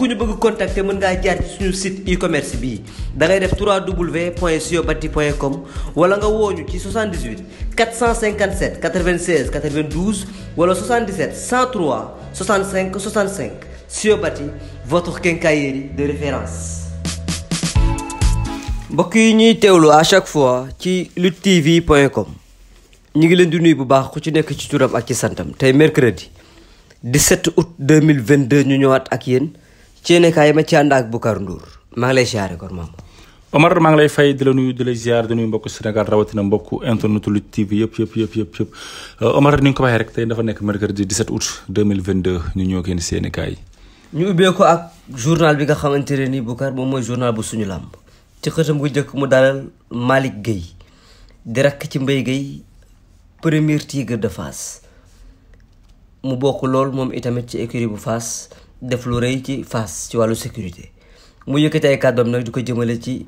ku ñu bëgg contacter mën ngaa jaar ci suñu site e-commerce bii da ngay def www.siobati.com wala nga wooñu ci 78 457 96 92 wala 77 103 65 65 Siobati votre quincaillerie de référence. mbokk yi ñuy teewlu à chaque fois ci luttetv.com ñu ngi leen di nuyu bu baax ku ci nekk ci turam ak ci santam tey mercredi 17 août 2022 ñu ñëwaat ak yéen. ci yéenekaay ma ci ànd ak Boucar Ndour maa ngi lay siyaare kon maam Omar maa ngi lay fay di la nuyu di la ziar di nuyu mbokku Sénégal rawatina mbokku internet TV yëpp yëpp yëpp yëpp euh, ko waxee rek tey nekk mercredi 17 août 2022 ñu ñëw kenn yéenekaay ñu ubbee ko ak journal bi nga xamante ne nii Boucar moom mooy journal bu suñu làmb ci xëtam bu jëkk mu dalal Malick Gueye di rakk ci Mbaye Gueye premier tigre de fas mu bokk lool moom itamit ci écurie bu fas def lu rëy ci Fass ci wàllu sécurité mu yëkkati ay kàddoom nag di ko jëmale ci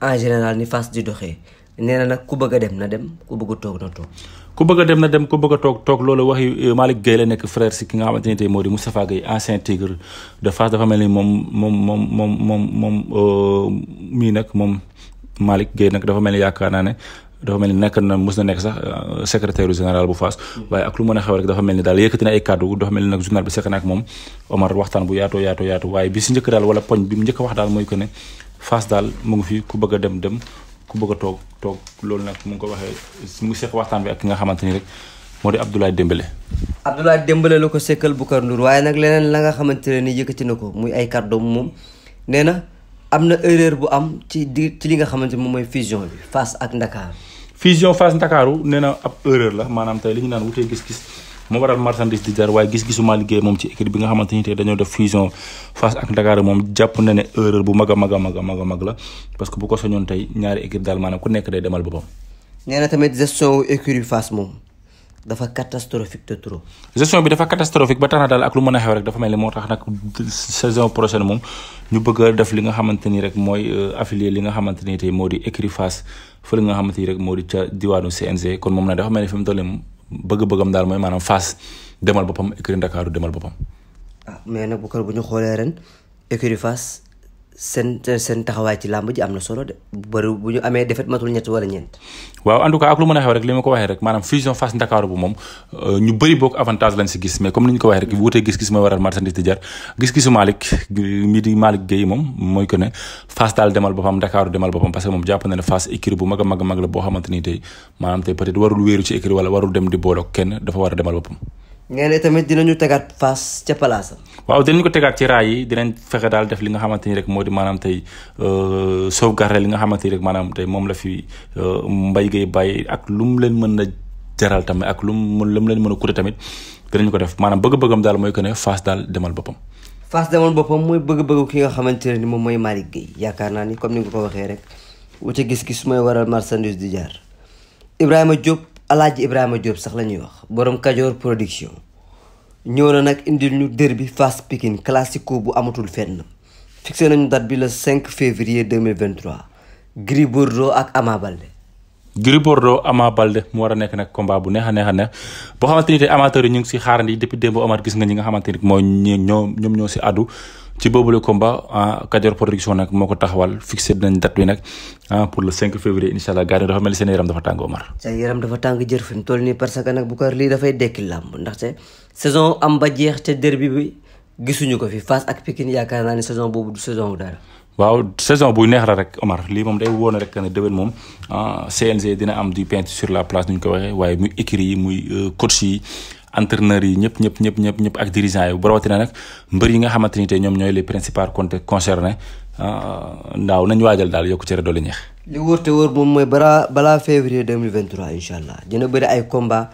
en général ni Fass di doxee nee na nag ku bëgg a dem na dem ku bëgg toog na toog. ku bëgga dem na dem ku bëgg toog toog loolu waxi euh, Malick Gueye la nekk frère si ki nga xamante ni tey moo di Moustapha Gueye ancien tigre de Fass dafa mel ni moom moom moom moom moom moom euh, mii nag moom Malick Gueye nag dafa mel ni yaakaar naa ne dafa mel ni nekk na mës na nekk sax euh, secrétaire général bu Fass mm-hmm. waaye ak lu mën a xew rek dafa mel ni daal yëkkati na ay kàddu dafa mel ni nag journal bi sekk na ak moom Omar waxtaan bi si njëkk daal wala poñ bi mu njëkk a wax daal mooy que ne Fass daal dem ku bëgg a toog toog loolu nag mu ngi ko waxee mu ngi sekk waxtaan bi ak xamante ni rek moo di Abdoulaye Dembélé Abdoulaye Dembélé la ko sekkal Boucar Ndour waaye nag leneen la nga xamante ne ni yëkkati na ko muy ay kàddu moom nee na am na erreur bu am ci di ci li nga xamante moom mooy fusion bi Fass ak Ndakaar fusion Fass Ndakaaru nee na ab erreur la maanaam tey li ñu naan wutee gis-gis moo waral marchandise di jar waaye gis-gisu liggéey moom ci équipe bi nga xamante tey dañoo def fusion Fass ak Ndakaaru moom jàpp na ne bu mag a mag a mag la parce que bu ko soñoon tey ñaari équipe daal maanaam ku nekk day demal boppam. nee na tamit gestion écurie Fass moom. dafa catastrophique de trop. gestion bi dafa catastrophique ba tax na daal ak lu mën a xew rek dafa mel ni moo tax nag saison prochaine moom ñu bëgg a li nga xamante ni rek mooy euh, affilié li nga xamante ni moo di écurie Fass fële nga xamante ni rek moo di ca diwaanu CNG kon moom nag dafa mel ni fi mu toll moom bëgg-bëggam daal mooy maanaam Fass demal boppam écurie Ndakaaru demal boppam. ah mais nag bu kër bu ñu xoolee ren écurie Fass seen eh, seen taxawaay ci làmb ji am na solo de bëri bu ñu amee defet matul ñett wala ñeent. waaw en ak lu mën a xew rek li ma ko waxee rek maanaam fusion Fass Ndakaaru bu moom euh, ñu bëri bokk avantage lañ si gis mais comme ni ñu ko waxee rek wutee gis-gis mooy waral marchandise di jar gis-gisu Malick mi di Malick Gueye moom mooy que ne Fass daal demal boppam Ndakaaru demal boppam parce que moom jàpp na ne Fass écurie bu mag a mag a mag la boo xamante dem di booloo kenn dafa war a demal boppam ngeen ne tamit dinañu tegaat Fass ca palaasam. waaw dinañ ko tegaat ci raay yi dinañ fexe daal def li nga xamante ni rek moo di maanaam tey euh, sauvegarder li nga xamante ni rek maanaam tey moom la fi euh, mbay gay bàyyi ak lu mu leen mën a jaral tamit ak lu mu lu mu leen mën a coûter tamit dinañ ko def maanaam bëgg-bëggam daal mooy que ne Fass daal demal boppam. Fass demal boppam mooy bëgg-bëggu ki nga xamante ni moom mooy Malick Gueye yaakaar naa ni comme ni nga ko waxee rek wu ca gis-gis mooy waral marchandise di jaar Ibrahima Diop. alaaji Ibrahima Diop sax la ñuy wax boroom Kajoor production ñëw na nag indil ñu derby Fass pikin classico bu amatul na fixé nañu date bi le 5 février 2023 Gris Bordeaux ak Ama Baldé Gris Bordeaux Ama Baldé mu war a nekk nag combat bu neex a neex a neex boo xamante ni yi ñu ngi si xaarandi depuis démb Omar gis nga ñi nga xamante ni mooy ñoo ñoom ñoo si addu ci boobu la combat ah Kajoor production nag moo ko taxawal fixé nañ date bi nag ah, pour le 5 février incha allah gars yi dafa mel ni seen yaram dafa tàng Omar. seen yaram dafa tàng jër fi mu toll nii parce que nag bu ko lii dafay dekki làmb ndaxte saison ba jeex te derby bi gisuñu ko fi Fass ak Pikine yaakaar naa ne saison boobu du saison wu dara. waaw saison buy neex la rek Omar lii moom day woon rek ne déwén moom ah, CNG dina am du pain sur la place ni ñu ko waxee waaye muy écrit yi muy euh, coach yi. entraîneurs yi ñëpp ñëpp ñëpp ñëpp ñëpp ak dirigeants yi bu rawatina nag mbër yi nga xamante ni tey ñoom ñooy les principaux concernés ah, ndaaw nañu waajal daal yokku cere doole ñeex. li wóor te wóor moom mooy balaa balaa février 2023 incha allah dina bëri ay combat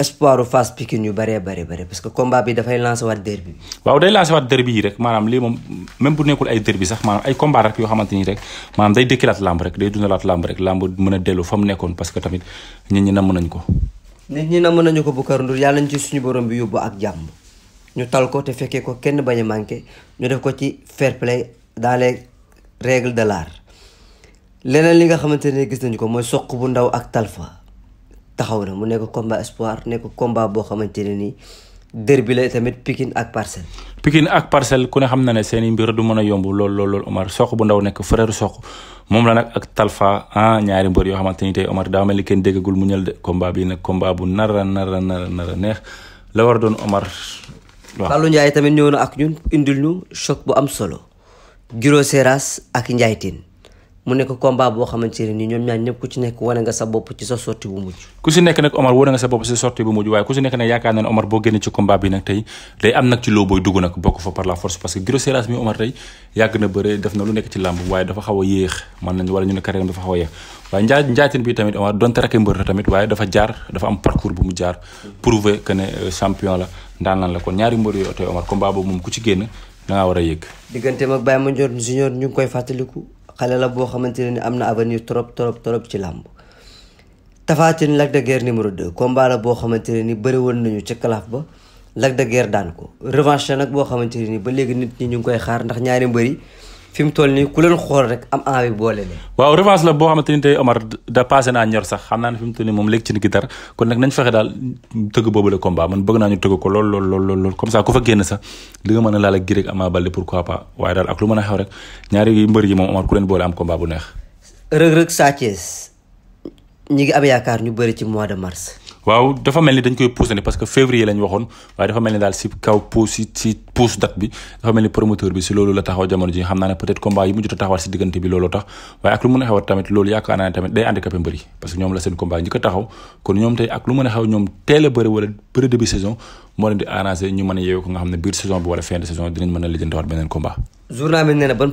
espoir u Fass Pikine yu bëree bëri bëri parce que combat bi dafay lancer waat derby bi. waaw day lancer waat derby yi rek maanaam lii moom même bu nekkul ay derby sax maanaam ay combat rek yoo xamante ni rek maanaam day dëkkilaat lamb rek day dundalaat lamb rek lamb mën a dellu fa mu que tamit ñit ñi namm nañ ko. nit ñi mën nañu ko Boucar Ndour yàlla ñu ci suñu borom bi yóbbu ak jàmm ñu tal ko te fekkee ko kenn bañ a manqué ñu def ko ci fair play dans les règles leneen li nga xamante ne gis nañu ko mooy soq bu ndaw ak talfa taxaw na mu nekk combat espoir nekk combat boo xamante ne nii derbi la tamit pikin ak Parcelles. Pikine ak parcelle ku ne xam na ne seen i mbir du mën a yomb lool lool lool Omar Sokh bu ndaw nekk frère Sokh moom la nag ak tal Talfa ah ñaari mbër yoo xamante ni tey Omar daa mel ni kenn déggagul mu ñal de combat bi nag combat bu nara nara nara nara neex la war doon Omar. waaw Fallou Ndiaye tamit ñëw na ak ñun indil ñu choc bu am solo Giro ak Ndiaye Tine mu nekk combat boo xamante ne nii ñoom ñaar ñëpp ku Omar wane boo a yéex a yéex waaye la euh, ñaari mbër yooyu tey Omar combat boobu moom ku ci génn da war a yëgg digganteem ak Baye Mandione Junior ñu ngi koy fàttaliku xale la boo xamante ne ni am na avenir trop trop trop ci làmb Tapha Tine Lac de Guiers numéro 2 boo xamante ne ni bëri woon nañu ca kalaaf ba Lac de Guiers daan ko revanche nag boo xamante ne ni ba léegi nit ñi ñu ngi koy xaar ndax ñaari mbëri fi mu toll nii ku leen xool rek am envie boole leen waaw revanche la boo xamante ni tey Omar da passé naa ñor sax xam naa ne fi mu toll nii moom léegi ci guitare kon nag nañ fexe daal tëgg boobu la combat man bëgg naa ñu tëgg ko lool lool lool lool comme ça ku fa génn sax li nga mën a laal ak Gris ak Ama Baldé pourquoi pas waaye daal ak lu mën a xew rek ñaari mbër yi moom Omar ku leen boole am combat bu neex Reug Reug Sa ñi ngi am yaakaar ñu bëri ci mois de mars waaw dafa mel ni dañ koy pousse ne parce que février lañ waxoon waaye dafa mel ni daal si kaw pousse si pousse date bi dafa mel ni promoteur bi si loolu la taxaw jamono ji xam naa ne a a xew tamit loolu yaakaar naa ne tamit day handicapé mbër yi parce que ñoom la seen combat yi ñu taxaw kon ñoom tey ak lu mën a xew ñoom teel a bëri wala bëri début saison moo leen di arrangé ñu mën a yeewu ko nga xam ne biir saison bi wala fin de saison dinañ mën a lijjantawaat beneen combat na ban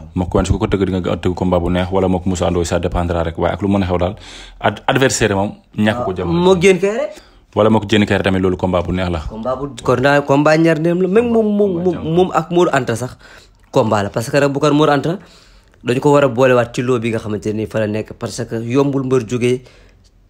mook Quench ku ko tëgg di nga tëgg combat bu neex wala mook Moussa Ndoye ça dépendra rek waaye ak lu mën a xew daal adversaire moom ñàkk ko jëm moo gën wala moo ko jën kay tamit loolu combat bu neex la combat bu kon daa combat ñaar neem la même moom moom moom ak Mor Anta sax combat la parce que rek bu ko Mor Anta dañ ko war a boolewaat ci loo bi nga xamante ni fa la nekk parce que yombul mbër jógee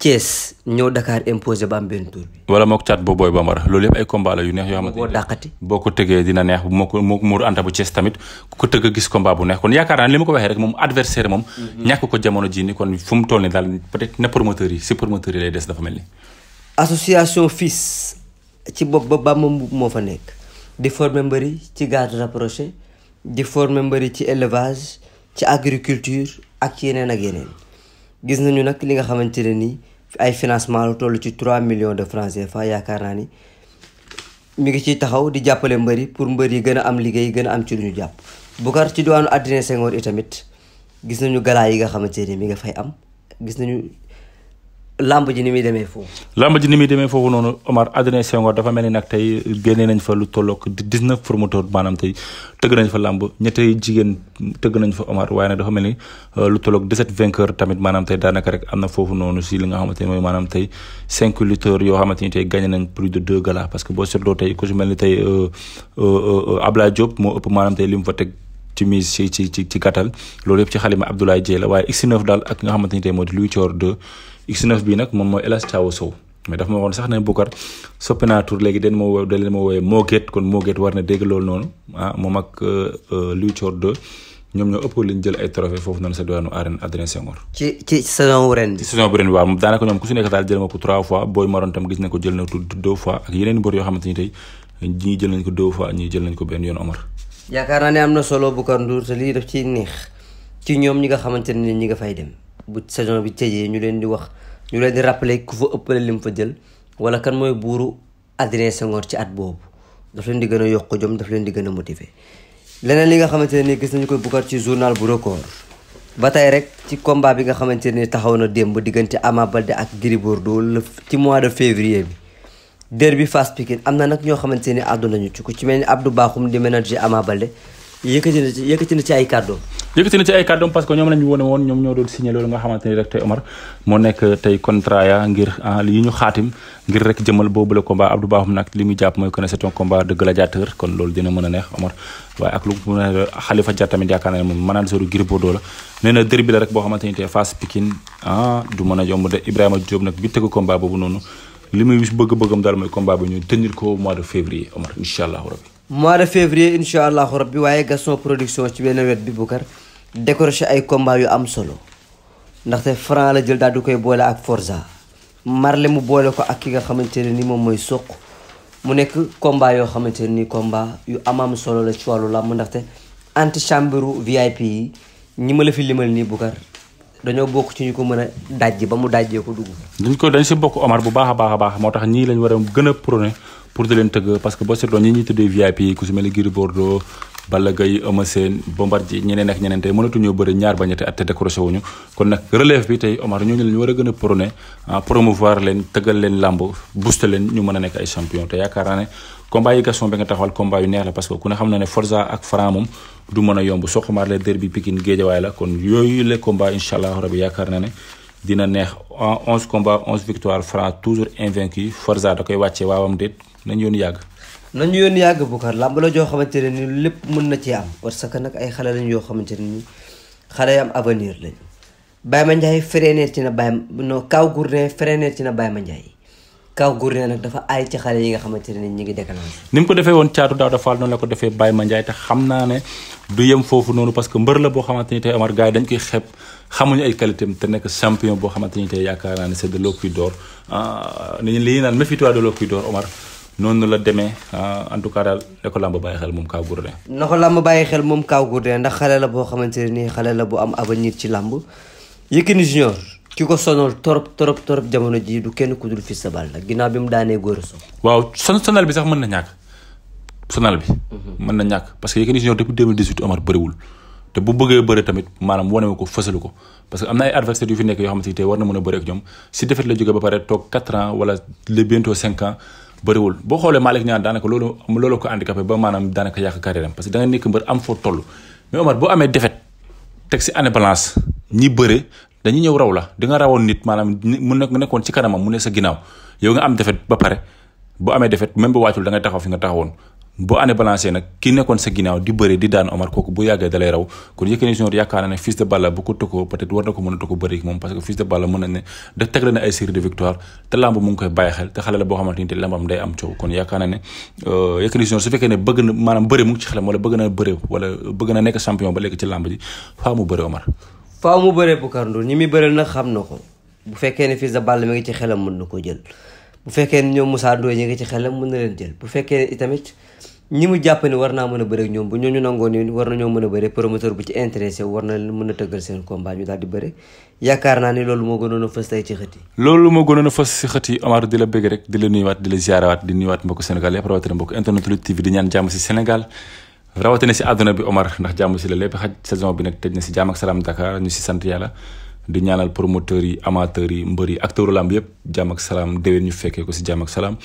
Thiès ñëw Dakar imposé ba am benn wala mook caat boo booy bambara loolu yëpp ay combat yu neex yoo xamante boo dàqati boo ko tëggee dina neex moo ko moo muur anta bu Thiès tamit ko tëgg gis combat bu neex kon yaakaar naa li ma ko waxee rek moom adversaire moom mhm. ñàkk ko jamono ji kon fu toll ni daal peut-être si promoteurs lay des dafa mel ni association FILS ci bopp ba Bamba Mboup moo fa nekk di former mbëri ci garde rapproché di former mbëri ci élevage ci agriculture ak yeneen ak yeneen nañu nag li nga xamante ne nii ay financement lu toll ci 3 millions de francs CFA yaakaar naa ni mi ngi ciy taxaw di jàppale mbëri pour mbër yi gën a am liggéey gën a am ci lu ñu jàpp. Boucar ci diwaanu Adrien Senghor itamit gis nañu galaa yi nga xamante ne mi nga fay am gis nañu làmb ji ni muy demee foofu. lamb ji ni muy demee foofu noonu Omar Adrien Senghor dafa mel ni nag tey génne nañ fa lu tollook dix-neuf promoteurs maanaam tey tëgg nañ fa lamb ñettey jigéen tëgg nañ fa Omar waaye nag dafa mel ni euh, lu tollook dix-sept vainqueurs tamit maanaam tey daanaka rek am na foofu noonu si li nga xamante ne mooy maanaam tey cinq lutteurs yoo xamante ni tey gagné nañ plus de deux galas parce que boo seetloo tey ku si mel ni tey euh, euh, Ablaye Diop moo ëpp maanaam tey li mu fa teg. ci ci ci ci ci loolu yëpp ci xalima Abdoulaye Dieye la waaye X9 daal ak da leen ma woowee Moget kon Moget war na ñoom ku si nekk daal jël na ko trois fois Boy Maroon tam gis na ko jël na ko deux fois ak yeneen mbër yoo xamante tey ñii jël nañ ko deux fois ñii jël nañ ko benn yoon Omar. yaakaar naa ne am na solo Boucar Ndour te lii def ciy neex ci ñoom ñi nga xamante ne ñi nga fay dem bu saison bi tëjee ñu leen di wax ñu leen di rappeler ku fa ëppale lim fa jël wala kan mooy buuru Adrien Senghor ci at boobu daf leen di gën a yokk jom daf leen di gën a motiver. leneen li nga xamante ne gis nañu koy Boucar ci journal bu record ba tey rek ci combat bi nga xamante ne taxaw na démb diggante Ama Baldé ak Gris Bordeaux ci mois de février bi. derby Fass Pikine am na nag ñoo xamante ne àdduna ñu ci ku ci mel ni Abdou Bakhoum di ménager Ama Baldé ci ay kàddoom yëkkati na ci ay kàddoom parce que ñoom lañu wone woon ñoom ñoo doon signé loolu nga xamante ni rek tey Omar moo nekk tey contrat ya ngir yi ah, ñu xaatim ngir rek jëmal boobu la combat Abdou Bakhoum nag li muy jàpp mooy que ne c'est un combat de gladiateur kon loolu dina mën a neex Omar waaye ak lu mu ne Khalifa Dia yaakaar na moom manaan sori Gris Bordeaux la boo xamante ni tey Fass ah, mën a yomb Ibrahima Diop nag bi tëgg combat boobu noonu li muy bëgg-bëggam daal mooy combat bi ñu tenir ko mois de février Omar incha allahu rabbi mois de février incha allahu rabbi waaye Gaston production ci benn wet bi Boucar décroché ay combat yu am solo ndaxte Franc la jël daal du boole ak Forza Marley mu boole ko ak ki nga xamante ne ni moom mooy Sokh mu nekk combat yoo xamante ne ni combat yu amam solo la ci wàllu làmb ndaxte antichambre VIP yi ñi ma la fi limal nii Boucar dañoo bokk ci ñu ko mën a dajji ba mu dajjee ko dugg. dañ ko dañ si bokk Omar bu baax baax a baax moo tax ñii lañ war a gën a prôné pour di leen tëgg parce que boo seetloo ñi ñuy tuddee VIP yi ku si mel ñeneen ak ñeneen tey mënatuñoo bëri ñaar ba ñetti at te décroché wuñu kon nag relève bi tey Omar ñooñu lañ war a gën a prôné ah, promouvoir leen tëggal leen làmb booster leen ñu mën a nekk ay champion te yaakaar naa ne combat yi Gaston bi nga taxawal combat yu neex la parce que ku ne xam na ne Forza ak Franc moom du mën a yomb soxmaar la derby Pikine Géejawaay la kon yooyu le combat incha allah rabi yaakaar na ne dina neex onze combat onze victoire Franc toujours invaincu Forza da koy wàccee waawam déet nañu yoon yàgg. nañu yoon yàgg Boucar làmb la joo xamante ne ni lépp mën na ci am parce que nag ay xale lañ yoo xamante ne ni xale am avenir lañ Baye Mandiaye freiné ci na Baye non Kaw Gourdin freiné ci na Baye Kaw Gourdin nag dafa aay ci xale yi nga xamante ne ñu ngi déclenché. ni mu ko defee woon caatu daaw dafa noonu la ko defee Baye Mandiaye te xam naa ne du yem foofu noonu parce que mbër la boo xamante ni tey Omar gars yi dañ koy xeeb boo xamante ni tey yaakaar naa ne c'est de l'Ocuy d'or ah, ni li ñuy naan méfie-toi de l'Ocuy d'or Omar. demee ah, en tout cas daal la ko làmb bàyyi xel moom Kaw Gourdin. na ko làmb bàyyi xel moom Kaw Gourdin ndax xale la boo xamante ne nii xale la bu am avenir ci làmb Yékini Junior ci ko sonal torop torop torop jamono jii du kenn ku dul Fils de Balla ginnaaw bi mu daanee Gora Sock. waaw son sonal bi sax mën na ñàkk sonal bi. Mhm. mën na ñàkk parce que Yékini Junior depuis 2018 Omar bëriwul te bu bëggee bëri tamit maanaam wane ko fësalu ko parce que am na ay adversaires yu fi nekk yoo xamante ni tey war na mën a bëri ak ñoom si defet la jógee ba pare toog 4 ans wala le bientôt 5 ans bëriwul boo xoolee Malick Niang daanaka ko handicapé ba maanaam daanaka yàq carrière am parce que da nga nekk mbër am foo toll dañuy ñëw raw la di nga rawoon nit maanaam mu ne nekkoon ci kanamam mu ne sa ginnaaw yow nga am defet ba pare bu amee defet même bu wàccul da taxaw fi nga taxawoon boo année balancé nag ki nekkoon sa ginnaaw di bëri di daan Omar kooku bu yàggee dalay raw kon Yékini Junior yaakaar na ne Fils de Balla bu ko tëkkoo peut war na ko mën a tëkkoo bëri moom parce que Fils de koy bàyyi xel te xale la boo xamante ni te lambam day am coow kon yaakaar ne euh, Yékini Junior su fekkee ne bëgg na maanaam bëri mu ngi ci xelam wala bëgg na bëri wala bëgg na nekk champion ba léegi ci faaw mu bëree Boucar Ndour ñi muy bëreel na xam na ko bu fekkee ne Fils de Balla mi ngi ci xelam mën na ko jël bu fekkee ne ñoom Moussa Ndoye ñi ngi ci xelam mën na leen jël bu fekkee ne itamit ñi mu jàpp ne war naa mën a bëre ak ñoom bu ñooñu nangoo ni war nañoo mën a bëre promoteur bu ci intéressé war na leen mën a tëggal seen combat ñu daal di bëre yaakaar naa ni loolu moo gënoon a fës tey ci xët loolu moo gënoon a fës si xët yi Amar di la bëgg rek di la nuyuwaat di la ziarawaat di nuyuwaat mbokk Sénégal rawatina si àdduna bi Omar ndax jàmm si la lépp xaj saison bi nag tëj na si jàmm salaam Dakar ñu si sant yàlla di ñaanal promoteurs yi amateurs yi mbër yi acteurs lamb yëpp jàmm ak salaam déwén ñu fekkee ko si jàmm salaam.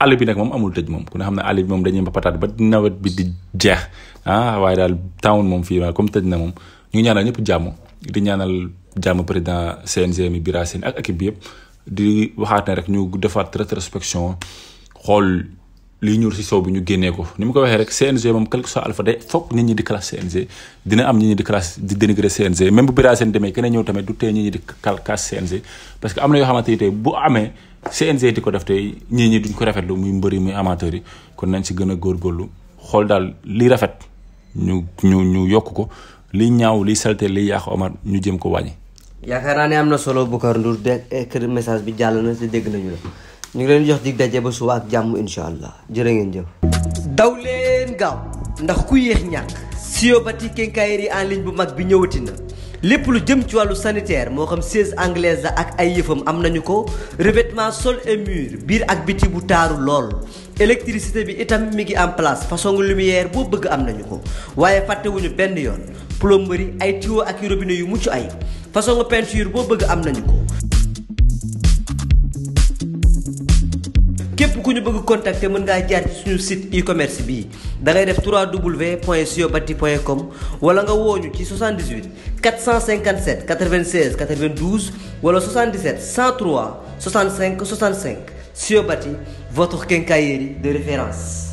àll bi nag moom amul tëj moom ku ne xam ne àll bi moom dañuy mbapataat ba nawet bi di jeex ah waaye daal town moom fii waaye comme tëj na moom ñu ñaanal ñëpp jàmm di ñaanal jàmm président CNG mi Bira Sène ak équipe bi yëpp di waxaat ne rek ñu defaat rétrospection xool. lii ñuur si sow bi ñu génnee ko ni mu ko waxee rek CNG moom quelque soit alpha day foog nit ñi di classe CNG dina am nit ñi di classe di dénigrer CNG même bu bira seen demee keneen ñëw tamit du tee nit ñi di classe CNG parce que am na yoo xamante ni tey bu amee CNG di ko def tey ñii ñi duñ ko rafetlu muy mbëri muy amateur yi kon nañ si gën a góorgóorlu xool daal li rafet ñu ñu ñu yokk ko lii ñaaw li lii li xaw Omar ñu jëm ko wàññi. yaakaar naa ne am na solo Boucar Ndour de eh, message bi jàll na te dégg nañu la. ñu ngi leen jox dig daje ba suba ak jàmm incha allah jërë ngeen jëf. daw leen gaaw ndax ku yéex ñàkk siyobati quincaillerie en ligne bu mag bi ñëwati na. lépp lu jëm ci wàllu sanitaire moo xam siège anglaise la ak ay yëfam am nañu ko revêtement sol et biir ak biti bu taaru lool électricité bi itam mi ngi en place façon lumière boo bëgg am nañu ko waaye fàttewuñu benn yoon plomberie ay tuyaux ak robinet yu mucc ay façon peinture boo bëgg am nañu ko képp ku ñu bëgg contacter mën ngaa jaar ci suñu site e-commerce bi da ngay def 3w point siobati point com wala nga wooñu ci 78 457 96 92 wala 77 103 65 65 siobati votre quincaillerie de référence